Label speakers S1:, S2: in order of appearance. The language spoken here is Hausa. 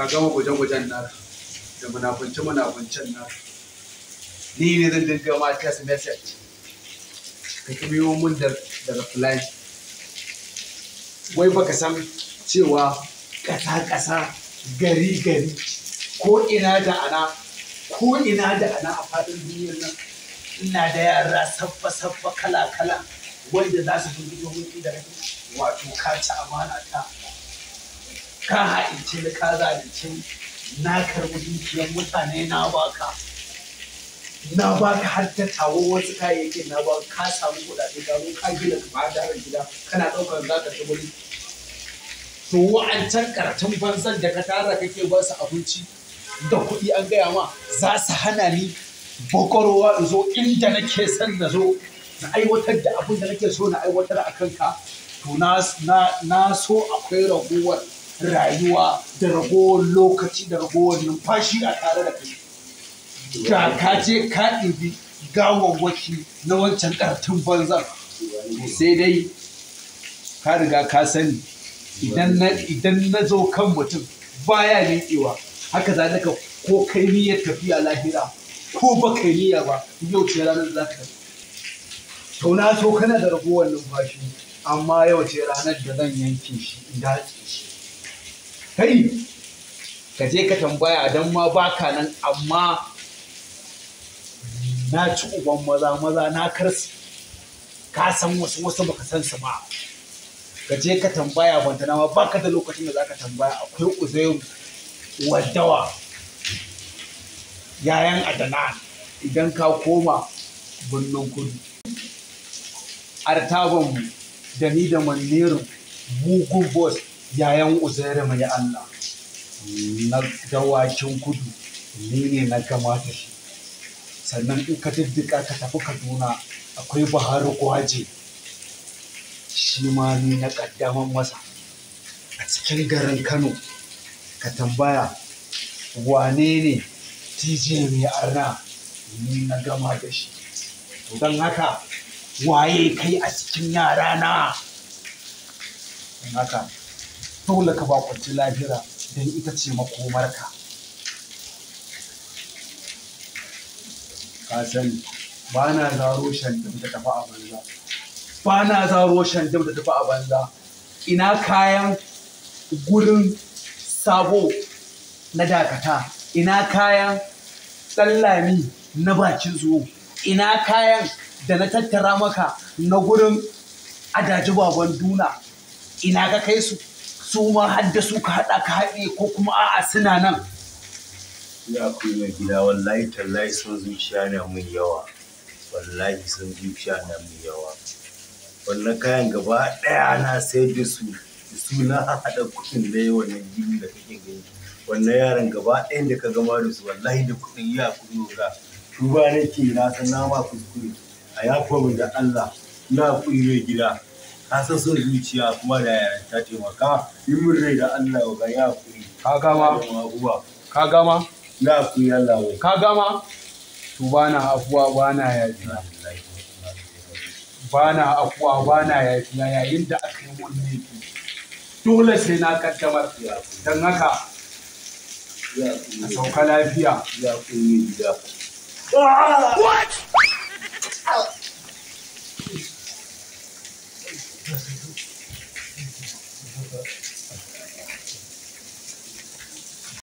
S1: ka gama gwaje-gwajen nan, da munafunce-munafuncen nan. ni ne zan dinga ma test message ka kuma yi mun da reply wai baka san cewa ƙasa-ƙasa gari-gari ko ina da ana ko ina da ana a faɗin duniyar nan ina da yara saffa-saffa kala-kala wanda za su fi mun da wato ka ci amana ta ka ha'ince ni ka zalunce na karbi dukiyar mutane na baka na baka har ta tawo wasu kayayyakin na ba ka samu kuɗaɗe ka zo ka gina ka da gida kana ɗaukar za ka wuri to wa'ancan karatun banzan da ka tara kake ba su abinci da kuɗi an gaya ma za su hana ni bakwarowa in zo inda nake son na zo na aiwatar da abin da nake so na aiwatar a kanka to na so akwai raguwar rayuwa da ragowar lokaci da ragowar numfashi a tare da kai da ka je ka ɗibi gawawwaki na wancan ƙarfin banza, sai dai ka riga ka sani idan na zo kan mutum baya miƙewa haka za ka ko kai niyyar tafiya lahira ko ba kai niyya ba yau ce ranar za ka to na so kana da ragowar numfashi amma yau ce ranar da zan yanke shi in da shi kai ka je ka tambaya don ma baka nan amma na ci uban maza maza na karsu ka san wasu wasu baka san su ba ka je ka tambaya na ma baka da lokacin da zaka tambaya akwai uzayin wadawa yayan adana idan ka koma birnin kudu artaban mu da ni da manneru mugun boss yayan uzairu mai Allah na dawakin kudu ni ne na gama da shi sannan in ka diddika ka tafi kaduna akwai buhari kwaje shi ma ni na kaddaman masa a cikin garin kano ka tambaya wane ne tj mai arna ni na gama da shi don haka waye kai a cikin yara na haka dole ka ba kwanci lahira don ita ce makomarka ka sani ba na zaro da tafi a banza ba na zaro da tafi a banza ina kayan gurin sabo na dakata ina kayan tsallami na bakin zuwo ina kayan da na tattara maka na gurin adaji duna ina ka kai su su ma har da su ka haɗa ka haɗe ko kuma a'a suna nan ya kuma mai gida wallahi tallahi sun zuciya na mun yawa wallahi sun zuciya na mun yawa wannan kayan gaba ɗaya na sai da su su na haɗa kuɗin da yawa na jini da kake gani wannan yaran gaba ɗayan da ka gama da su wallahi da kuɗin ya kuɗi ga duba nake na san na ma kuskure a yafa da Allah na kuɗi gida ka san son zuciya kuma da yaranta taimaka yi min rai da Allah ga ya kuri ka gama ka gama ya kuri Allah wai ka gama to bana afuwa bana yafiya bana afuwa bana ya yafiya yayin da aka yi mun ne dole sai na kaddamar don haka a sauka lafiya ya kuri gida ah! What?